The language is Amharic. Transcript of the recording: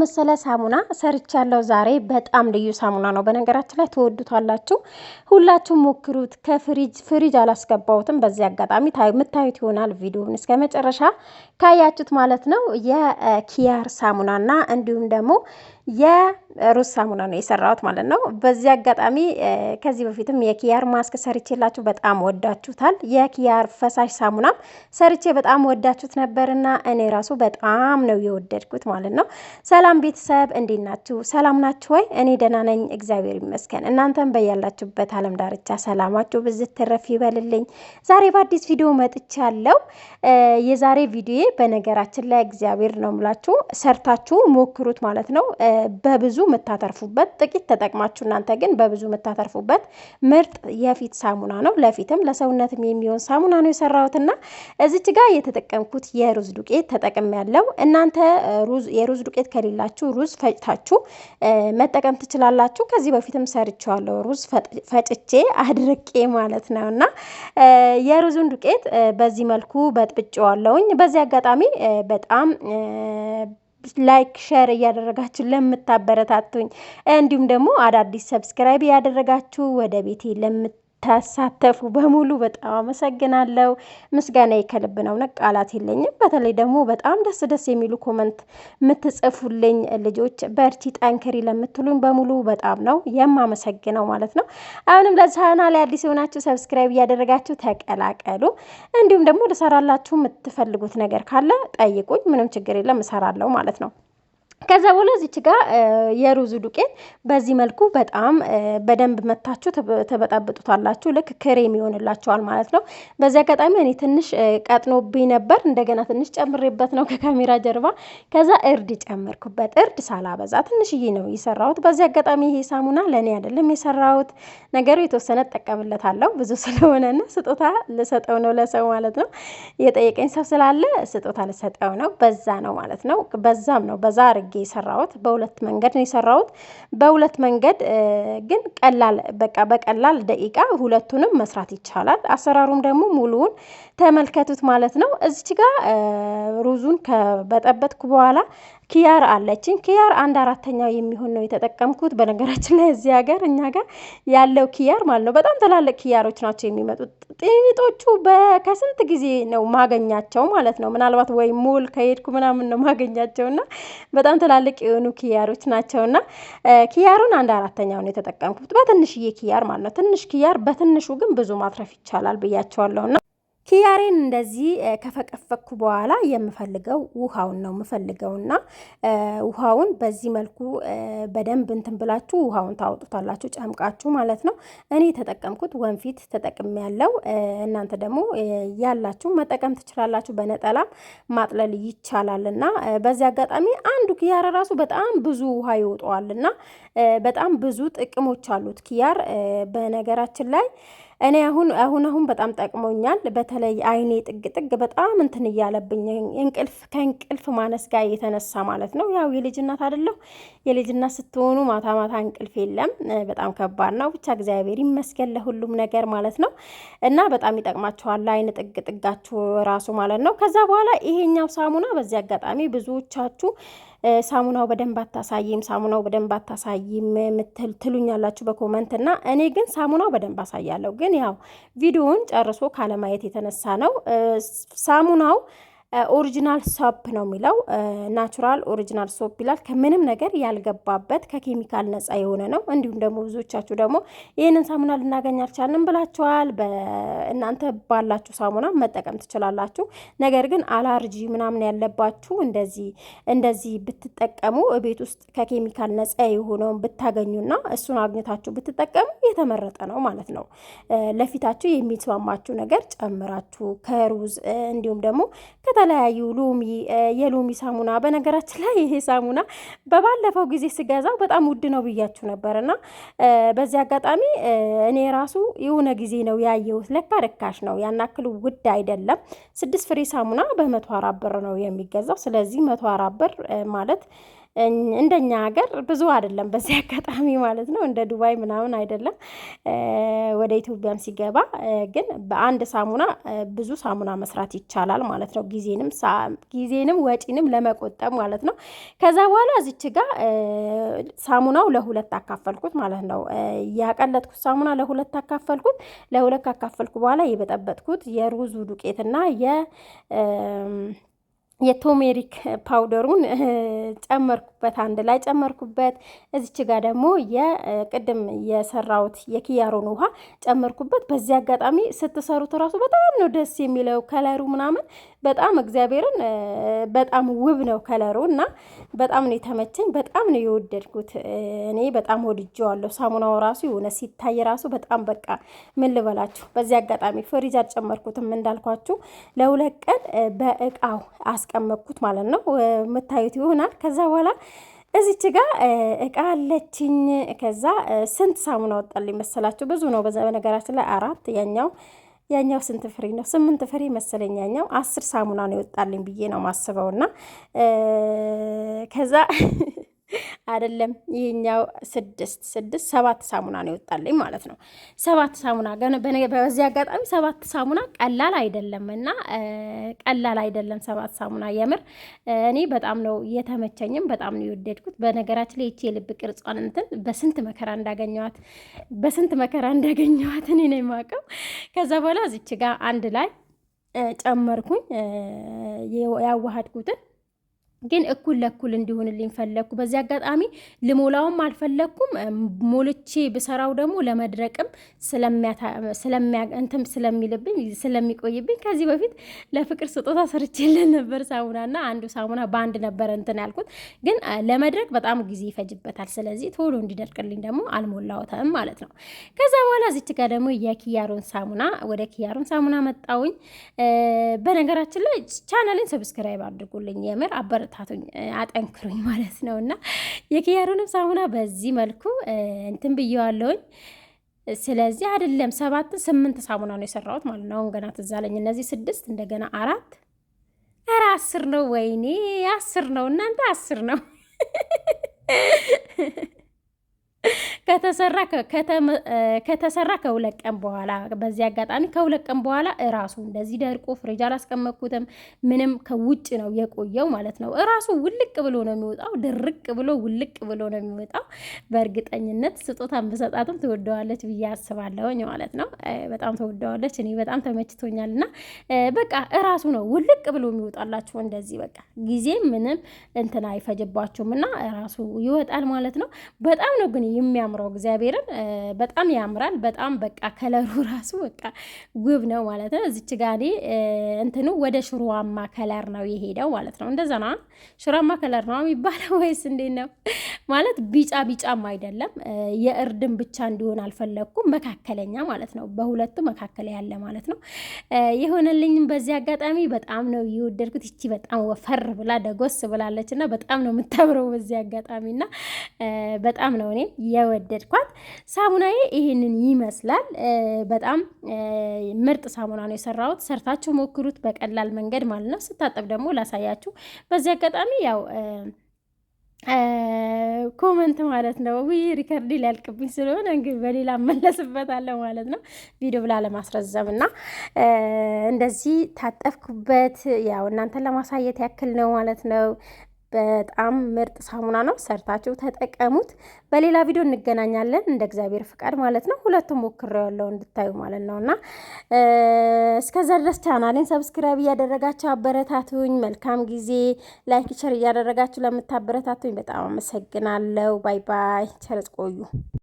የመሰለ ሳሙና ሰርቻለሁ ዛሬ። በጣም ልዩ ሳሙና ነው በነገራችን ላይ ትወዱታላችሁ። ሁላችሁም ሞክሩት። ከፍሪጅ ፍሪጅ አላስገባሁትም። በዚህ አጋጣሚ የምታዩት ይሆናል። ቪዲዮውን እስከ መጨረሻ ካያችሁት ማለት ነው የኪያር ሳሙናና እንዲሁም ደግሞ የሩዝ ሳሙና ነው የሰራሁት ማለት ነው። በዚህ አጋጣሚ ከዚህ በፊትም የኪያር ማስክ ሰርቼላችሁ በጣም ወዳችሁታል። የኪያር ፈሳሽ ሳሙናም ሰርቼ በጣም ወዳችሁት ነበርና እኔ ራሱ በጣም ነው የወደድኩት ማለት ነው። ሰላም ቤተሰብ እንዴት ናችሁ? ሰላም ናችሁ ወይ? እኔ ደህና ነኝ እግዚአብሔር ይመስገን። እናንተም በያላችሁበት ዓለም ዳርቻ ሰላማችሁ ብዝት ትረፍ ይበልልኝ። ዛሬ በአዲስ ቪዲዮ መጥቻለሁ። የዛሬ ቪዲዮ በነገራችን ላይ እግዚአብሔር ነው የምላችሁ ሰርታችሁ ሞክሩት ማለት ነው። በብዙ የምታተርፉበት ጥቂት ተጠቅማችሁ እናንተ ግን በብዙ የምታተርፉበት ምርጥ የፊት ሳሙና ነው። ለፊትም ለሰውነትም የሚሆን ሳሙና ነው የሰራሁትና እዚች ጋር የተጠቀምኩት የሩዝ ዱቄት ተጠቅም ያለው። እናንተ የሩዝ ዱቄት ከሌላችሁ ሩዝ ፈጭታችሁ መጠቀም ትችላላችሁ። ከዚህ በፊትም ሰርቼዋለሁ፣ ሩዝ ፈጭቼ አድርቄ ማለት ነው እና የሩዙን ዱቄት በዚህ መልኩ በጥብጬዋለሁኝ። በዚህ አጋጣሚ በጣም ላይክ ሸር እያደረጋችሁ ለምታበረታቱኝ እንዲሁም ደግሞ አዳዲስ ሰብስክራይብ እያደረጋችሁ ወደ ቤቴ ለምት ተሳተፉ በሙሉ በጣም አመሰግናለሁ። ምስጋና ከልብ ነው፣ ቃላት የለኝም። በተለይ ደግሞ በጣም ደስ ደስ የሚሉ ኮመንት የምትጽፉልኝ ልጆች በርቺ፣ ጠንክሪ ለምትሉኝ በሙሉ በጣም ነው የማመሰግነው ማለት ነው። አሁንም ለቻናሌ አዲስ የሆናችሁ ሰብስክራይብ እያደረጋችሁ ተቀላቀሉ። እንዲሁም ደግሞ ልሰራላችሁ የምትፈልጉት ነገር ካለ ጠይቁኝ፣ ምንም ችግር የለም እሰራለሁ ማለት ነው። ከዛ በኋላ እዚች ጋር የሩዝ ዱቄት በዚህ መልኩ በጣም በደንብ መታችሁ ተበጣብጡታላችሁ። ልክ ክሬም ይሆንላችኋል ማለት ነው። በዚህ አጋጣሚ እኔ ትንሽ ቀጥኖብኝ ነበር፣ እንደገና ትንሽ ጨምሬበት ነው ከካሜራ ጀርባ። ከዛ እርድ ጨምርኩበት። እርድ ሳላበዛ ትንሽዬ ነው የሰራሁት። በዚህ አጋጣሚ ይሄ ሳሙና ለእኔ አይደለም የሰራሁት ነገሩ የተወሰነ እጠቀምለታለሁ፣ ብዙ ስለሆነና ስጦታ ልሰጠው ነው ለሰው ማለት ነው። የጠየቀኝ ሰው ስላለ ስጦታ ልሰጠው ነው፣ በዛ ነው ማለት ነው። በዛም ነው በዛ አድርጌ የሰራሁት በሁለት መንገድ ነው የሰራሁት። በሁለት መንገድ ግን ቀላል በቃ በቀላል ደቂቃ ሁለቱንም መስራት ይቻላል። አሰራሩም ደግሞ ሙሉውን ተመልከቱት ማለት ነው። እዚች ጋር ሩዙን ከበጠበጥኩ በኋላ ኪያር አለችን። ኪያር አንድ አራተኛው የሚሆን ነው የተጠቀምኩት። በነገራችን ላይ እዚህ ሀገር እኛ ጋር ያለው ኪያር ማለት ነው በጣም ትላልቅ ኪያሮች ናቸው የሚመጡት። ጤኒጦቹ ከስንት ጊዜ ነው ማገኛቸው ማለት ነው። ምናልባት ወይ ሞል ከሄድኩ ምናምን ነው ማገኛቸውና በጣም ትላልቅ የሆኑ ኪያሮች ናቸውና ኪያሩን አንድ ነው የተጠቀምኩት በትንሽዬ ኪያር ማለት ነው። ትንሽ ኪያር በትንሹ ግን ብዙ ማትረፍ ይቻላል ብያቸዋለሁና ኪያሬን እንደዚህ ከፈቀፈኩ በኋላ የምፈልገው ውሃውን ነው የምፈልገውና ውሃውን በዚህ መልኩ በደንብ እንትን ብላችሁ ውሃውን ታወጡታላችሁ ጨምቃችሁ ማለት ነው። እኔ የተጠቀምኩት ወንፊት ተጠቅም ያለው እናንተ ደግሞ ያላችሁ መጠቀም ትችላላችሁ። በነጠላ ማጥለል ይቻላል እና በዚህ አጋጣሚ አንዱ ኪያር ራሱ በጣም ብዙ ውሃ ይወጣዋልና በጣም ብዙ ጥቅሞች አሉት ኪያር በነገራችን ላይ እኔ አሁን አሁን አሁን በጣም ጠቅሞኛል። በተለይ አይኔ ጥግ ጥግ በጣም እንትን እያለብኝ እንቅልፍ ከእንቅልፍ ማነስ ጋር እየተነሳ ማለት ነው። ያው የልጅናት አደለሁ የልጅናት ስትሆኑ ማታ ማታ እንቅልፍ የለም። በጣም ከባድ ነው። ብቻ እግዚአብሔር ይመስገን ለሁሉም ነገር ማለት ነው። እና በጣም ይጠቅማችኋል አይን ጥግ ጥጋችሁ ራሱ ማለት ነው። ከዛ በኋላ ይሄኛው ሳሙና በዚህ አጋጣሚ ብዙዎቻችሁ ሳሙናው በደንብ አታሳይም፣ ሳሙናው በደንብ አታሳይም ምትል ትሉኛላችሁ በኮመንት እና እኔ ግን ሳሙናው በደንብ አሳያለሁ። ግን ያው ቪዲዮውን ጨርሶ ካለማየት የተነሳ ነው ሳሙናው ኦሪጂናል ሶፕ ነው የሚለው። ናቹራል ኦሪጂናል ሶፕ ይላል። ከምንም ነገር ያልገባበት ከኬሚካል ነጻ የሆነ ነው። እንዲሁም ደግሞ ብዙዎቻችሁ ደግሞ ይህንን ሳሙና ልናገኝ አልቻልንም ብላችኋል። እናንተ ባላችሁ ሳሙና መጠቀም ትችላላችሁ። ነገር ግን አላርጂ ምናምን ያለባችሁ እንደዚህ እንደዚህ ብትጠቀሙ ቤት ውስጥ ከኬሚካል ነጻ የሆነውን ብታገኙና እሱን አግኝታችሁ ብትጠቀሙ የተመረጠ ነው ማለት ነው። ለፊታችሁ የሚስማማችሁ ነገር ጨምራችሁ ከሩዝ እንዲሁም ደግሞ የተለያዩ ሎሚ የሎሚ ሳሙና በነገራችን ላይ ይሄ ሳሙና በባለፈው ጊዜ ስገዛው በጣም ውድ ነው ብያችሁ ነበር እና በዚህ አጋጣሚ እኔ ራሱ የሆነ ጊዜ ነው ያየሁት። ለካ ርካሽ ነው፣ ያን ያክል ውድ አይደለም። ስድስት ፍሬ ሳሙና በመቶ አራት ብር ነው የሚገዛው። ስለዚህ መቶ አራት ብር ማለት እንደኛ ሀገር ብዙ አይደለም፣ በዚህ አጋጣሚ ማለት ነው። እንደ ዱባይ ምናምን አይደለም። ወደ ኢትዮጵያም ሲገባ ግን በአንድ ሳሙና ብዙ ሳሙና መስራት ይቻላል ማለት ነው። ጊዜንም ጊዜንም ወጪንም ለመቆጠብ ማለት ነው። ከዛ በኋላ እዚች ጋር ሳሙናው ለሁለት አካፈልኩት ማለት ነው። ያቀለጥኩት ሳሙና ለሁለት አካፈልኩት። ለሁለት ካካፈልኩ በኋላ የበጠበጥኩት የሩዙ ዱቄትና የ የቶሜሪክ ፓውደሩን ጨመርኩበት አንድ ላይ ጨመርኩበት። እዚች ጋር ደግሞ የቅድም የሰራሁት የኪያሮን ውሃ ጨመርኩበት። በዚህ አጋጣሚ ስትሰሩት እራሱ በጣም ነው ደስ የሚለው ከለሩ ምናምን በጣም እግዚአብሔርን በጣም ውብ ነው ከለሩ እና በጣም ነው የተመቸኝ። በጣም ነው የወደድኩት እኔ በጣም ወድጀዋለሁ። ሳሙናው ራሱ የሆነ ሲታይ ራሱ በጣም በቃ ምን ልበላችሁ። በዚህ አጋጣሚ ፍሪጅ አልጨመርኩትም እንዳልኳችሁ ለሁለት ቀን በእቃው አስ ያስቀመጥኩት ማለት ነው የምታዩት ይሆናል። ከዛ በኋላ እዚች ጋ እቃ አለችኝ። ከዛ ስንት ሳሙና ወጣልኝ መሰላችሁ? ብዙ ነው። በዛ በነገራችን ላይ አራት ያኛው ያኛው ስንት ፍሬ ነው? ስምንት ፍሬ መሰለኝ። ያኛው አስር ሳሙና ነው የወጣልኝ ብዬ ነው ማስበውና ከዛ አይደለም ይህኛው ስድስት ስድስት ሰባት ሳሙና ነው ይወጣልኝ ማለት ነው። ሰባት ሳሙና በዚህ አጋጣሚ ሰባት ሳሙና ቀላል አይደለም እና ቀላል አይደለም ሰባት ሳሙና የምር እኔ በጣም ነው የተመቸኝም በጣም ነው የወደድኩት። በነገራችን ላይ ይቺ የልብ ቅርጿን እንትን በስንት መከራ እንዳገኘዋት በስንት መከራ እንዳገኘዋት እኔ ነው የማውቀው። ከዛ በኋላ እዚች ጋር አንድ ላይ ጨመርኩኝ ያዋሃድኩትን ግን እኩል ለኩል እንዲሆንልኝ ፈለግኩ። በዚህ አጋጣሚ ልሞላውም አልፈለግኩም። ሞልቼ ብሰራው ደግሞ ለመድረቅም እንትን ስለሚልብኝ ስለሚቆይብኝ ከዚህ በፊት ለፍቅር ስጦታ ሰርቼልን ነበር ሳሙና ሳሙናና አንዱ ሳሙና በአንድ ነበረ እንትን ያልኩት፣ ግን ለመድረቅ በጣም ጊዜ ይፈጅበታል። ስለዚህ ቶሎ እንዲደርቅልኝ ደግሞ አልሞላውተም ማለት ነው። ከዛ በኋላ እዚች ጋር ደግሞ የኪያሮን ሳሙና ወደ ኪያሮን ሳሙና መጣውኝ። በነገራችን ላይ ቻናልን ሰብስክራይብ አድርጉልኝ የምር አበረ አበረታቱኝ፣ አጠንክሩኝ ማለት ነው እና የኪያሩንም ሳሙና በዚህ መልኩ እንትን ብየዋለውኝ። ስለዚህ አይደለም ሰባት ስምንት ሳሙና ነው የሰራሁት ማለት ነው። አሁን ገና ትዝ አለኝ። እነዚህ ስድስት እንደገና አራት ኧረ አስር ነው። ወይኔ አስር ነው እናንተ፣ አስር ነው ከተሰራ ከሁለት ቀን በኋላ በዚህ አጋጣሚ ከሁለት ቀን በኋላ እራሱ እንደዚህ ደርቆ ፍሬጅ አላስቀመጥኩትም። ምንም ከውጭ ነው የቆየው ማለት ነው። እራሱ ውልቅ ብሎ ነው የሚወጣው። ድርቅ ብሎ ውልቅ ብሎ ነው የሚወጣው። በእርግጠኝነት ስጦታን ብሰጣትም ትወደዋለች ብዬ አስባለሁኝ ማለት ነው። በጣም ተወደዋለች። እኔ በጣም ተመችቶኛል። እና በቃ እራሱ ነው ውልቅ ብሎ የሚወጣላችሁ እንደዚህ በቃ ጊዜ ምንም እንትን አይፈጅባችሁም እና እራሱ ይወጣል ማለት ነው። በጣም ነው ግን የሚያምረው የሚያምረው እግዚአብሔርን በጣም ያምራል። በጣም በቃ ከለሩ ራሱ በቃ ውብ ነው ማለት ነው። እዚች ጋ እኔ እንትኑ ወደ ሽሮዋማ ከለር ነው የሄደው ማለት ነው። እንደዛ ነው ሽሮማ ከለር ነው የሚባለው ወይስ እንዴት ነው? ማለት ቢጫ ቢጫም አይደለም የእርድም ብቻ እንዲሆን አልፈለግኩም። መካከለኛ ማለት ነው፣ በሁለቱ መካከል ያለ ማለት ነው። የሆነልኝም በዚህ አጋጣሚ በጣም ነው የወደድኩት። ይቺ በጣም ወፈር ብላ ደጎስ ብላለች እና በጣም ነው የምታምረው በዚህ አጋጣሚ እና በጣም ነው እኔ የወደድኳት። ሳሙናዬ ይህንን ይመስላል። በጣም ምርጥ ሳሙና ነው የሰራሁት። ሰርታችሁ ሞክሩት በቀላል መንገድ ማለት ነው። ስታጠብ ደግሞ ላሳያችሁ በዚህ አጋጣሚ ያው ኮመንት ማለት ነው። ውይ ሪከርድ ሊያልቅብኝ ስለሆነ እንግዲህ በሌላ መለስበታለሁ ማለት ነው። ቪዲዮ ብላ ለማስረዘም እና እንደዚህ ታጠፍኩበት፣ ያው እናንተን ለማሳየት ያክል ነው ማለት ነው። በጣም ምርጥ ሳሙና ነው። ሰርታችሁ ተጠቀሙት። በሌላ ቪዲዮ እንገናኛለን፣ እንደ እግዚአብሔር ፍቃድ ማለት ነው። ሁለቱም ያለው እንድታዩ ማለት ነው እና እስከዛ ድረስ ቻናሌን ሰብስክራይብ እያደረጋችሁ አበረታቱኝ። መልካም ጊዜ። ላይክ እያደረጋችሁ ለምታበረታቱኝ በጣም አመሰግናለሁ። ባይ ባይ። ቸር ቆዩ።